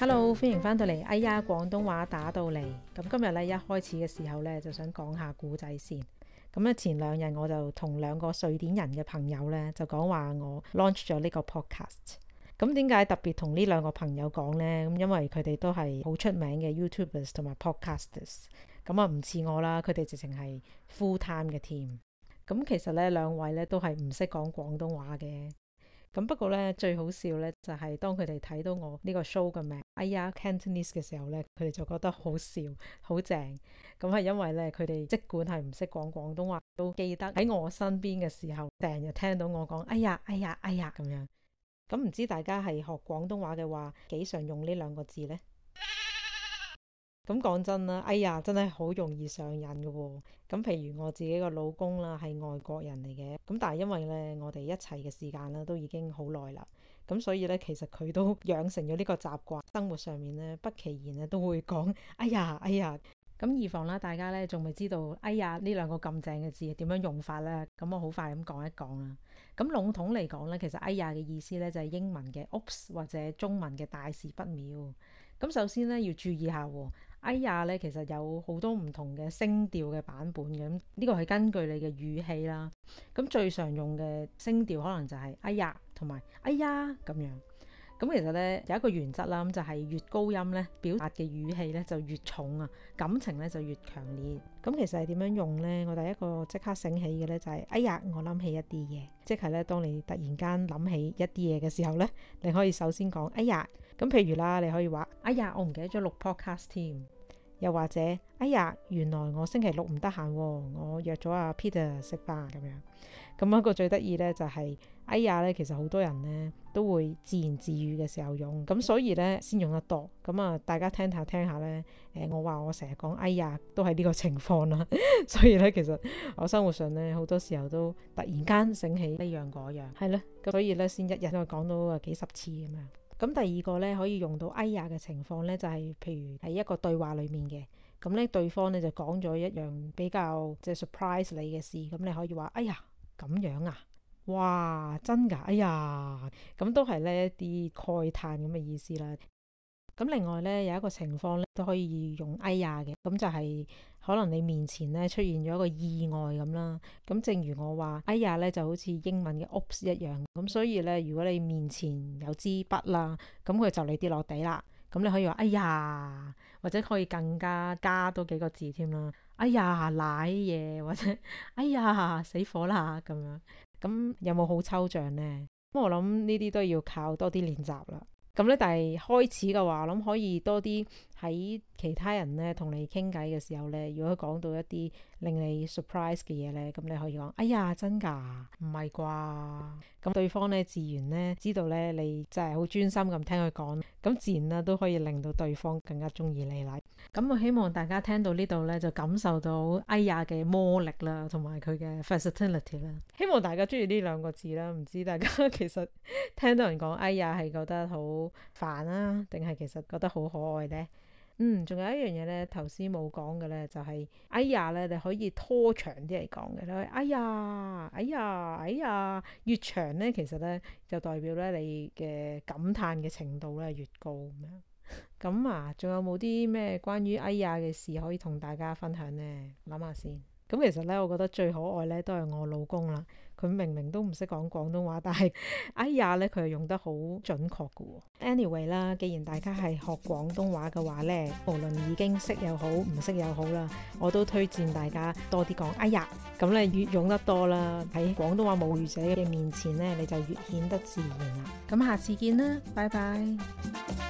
Hello，歡迎翻到嚟，哎呀，廣東話打到嚟。咁今日咧一開始嘅時候咧，就想講下古仔先。咁咧前兩日我就同兩個瑞典人嘅朋友咧，就講話我 launch 咗呢個 podcast。咁點解特別同呢兩個朋友講呢？咁因為佢哋都係好出名嘅 YouTubers 同埋 podcasters。咁啊唔似我啦，佢哋直情係 full time 嘅 team。咁其實咧兩位咧都係唔識講廣東話嘅。咁不過咧，最好笑咧就係，是，當佢哋睇到我呢個 show 嘅名，哎呀，Cantonese 嘅時候咧，佢哋就覺得好笑，好正。咁係因為咧，佢哋即管係唔識講廣東話，都記得喺我身邊嘅時候，成日聽到我講，哎呀，哎呀，哎呀咁樣。咁、嗯、唔知大家係學廣東話嘅話，幾常用呢兩個字咧？咁講真啦，哎呀，真係好容易上癮㗎喎。咁譬如我自己個老公啦，係外國人嚟嘅，咁但係因為咧，我哋一齊嘅時間啦，都已經好耐啦。咁所以咧，其實佢都養成咗呢個習慣，生活上面咧，不其然咧都會講哎呀，哎呀。咁以防啦，大家咧仲未知道哎呀呢兩個咁正嘅字係點樣用法咧，咁我好快咁講一講啦。咁籠統嚟講咧，其實哎呀嘅意思咧就係英文嘅 oops 或者中文嘅大事不妙。咁首先咧要注意下喎，哎呀咧其實有好多唔同嘅聲調嘅版本嘅，呢個係根據你嘅語氣啦。咁最常用嘅聲調可能就係哎呀同埋哎呀咁樣。咁其實咧有一個原則啦，咁就係越高音咧，表達嘅語氣咧就越重啊，感情咧就越強烈。咁其實係點樣用咧？我第一個即刻醒起嘅咧就係，哎呀，我諗起一啲嘢，即係咧當你突然間諗起一啲嘢嘅時候咧，你可以首先講，哎呀，咁譬如啦，你可以話，哎呀，我唔記得咗錄 podcast 添。又或者哎呀，原來我星期六唔得閒喎，我約咗阿 Peter 食飯咁樣。咁、那、一個最得意咧就係、是、哎呀咧，其實好多人咧都會自言自語嘅時候用，咁所以咧先用得多。咁啊，大家聽下聽下咧，誒、呃、我話我成日講哎呀，都係呢個情況啦。 所以咧，其實我生活上咧好多時候都突然間醒起呢樣嗰樣，係啦，咁所以咧先一日都講到啊幾十次咁樣。咁第二個咧可以用到哎呀嘅情況咧，就係譬如喺一個對話裡面嘅，咁咧對方咧就講咗一樣比較即係 surprise 你嘅事，咁你可以話哎呀咁樣啊，哇真㗎，哎呀，咁都係呢一啲慨嘆咁嘅意思啦。咁另外咧有一個情況咧都可以用哎呀嘅，咁就係。可能你面前咧出現咗一個意外咁啦，咁正如我話，哎呀咧就好似英文嘅 oops 一樣，咁所以咧如果你面前有支筆啦，咁佢就你跌落地啦，咁你可以話哎呀，或者可以更加加多幾個字添啦，哎呀瀨嘢或者哎呀死火啦咁樣，咁有冇好抽象咧？咁我諗呢啲都要靠多啲練習啦。咁咧但係開始嘅話，諗可以多啲。喺其他人咧同你傾偈嘅時候咧，如果講到一啲令你 surprise 嘅嘢咧，咁你可以講：哎呀，真㗎，唔係啩？咁對方咧自然咧知道咧，你真係好專心咁聽佢講，咁自然啦都可以令到對方更加中意你啦。咁我希望大家聽到呢度咧就感受到哎呀嘅魔力啦，同埋佢嘅 versatility 啦。希望大家中意呢兩個字啦。唔知大家其實聽到人講哎呀係覺得好煩啦、啊，定係其實覺得好可愛咧？嗯，仲有一樣嘢呢，頭先冇講嘅呢，就係哎呀呢你可以拖長啲嚟講嘅，你可以哎呀，哎呀，哎呀，越長呢，其實呢，就代表呢，你嘅感嘆嘅程度呢，越高咁樣。咁啊，仲有冇啲咩關於哎呀嘅事可以同大家分享呢？諗下先。咁其實咧，我覺得最可愛咧都係我老公啦。佢明明都唔識講廣東話，但係哎呀咧，佢係用得好準確㗎喎。Anyway 啦，既然大家係學廣東話嘅話咧，無論已經識又好唔識又好啦，我都推薦大家多啲講哎呀。咁咧越用得多啦，喺廣東話母語者嘅面前咧，你就越顯得自然啦。咁下次見啦，拜拜。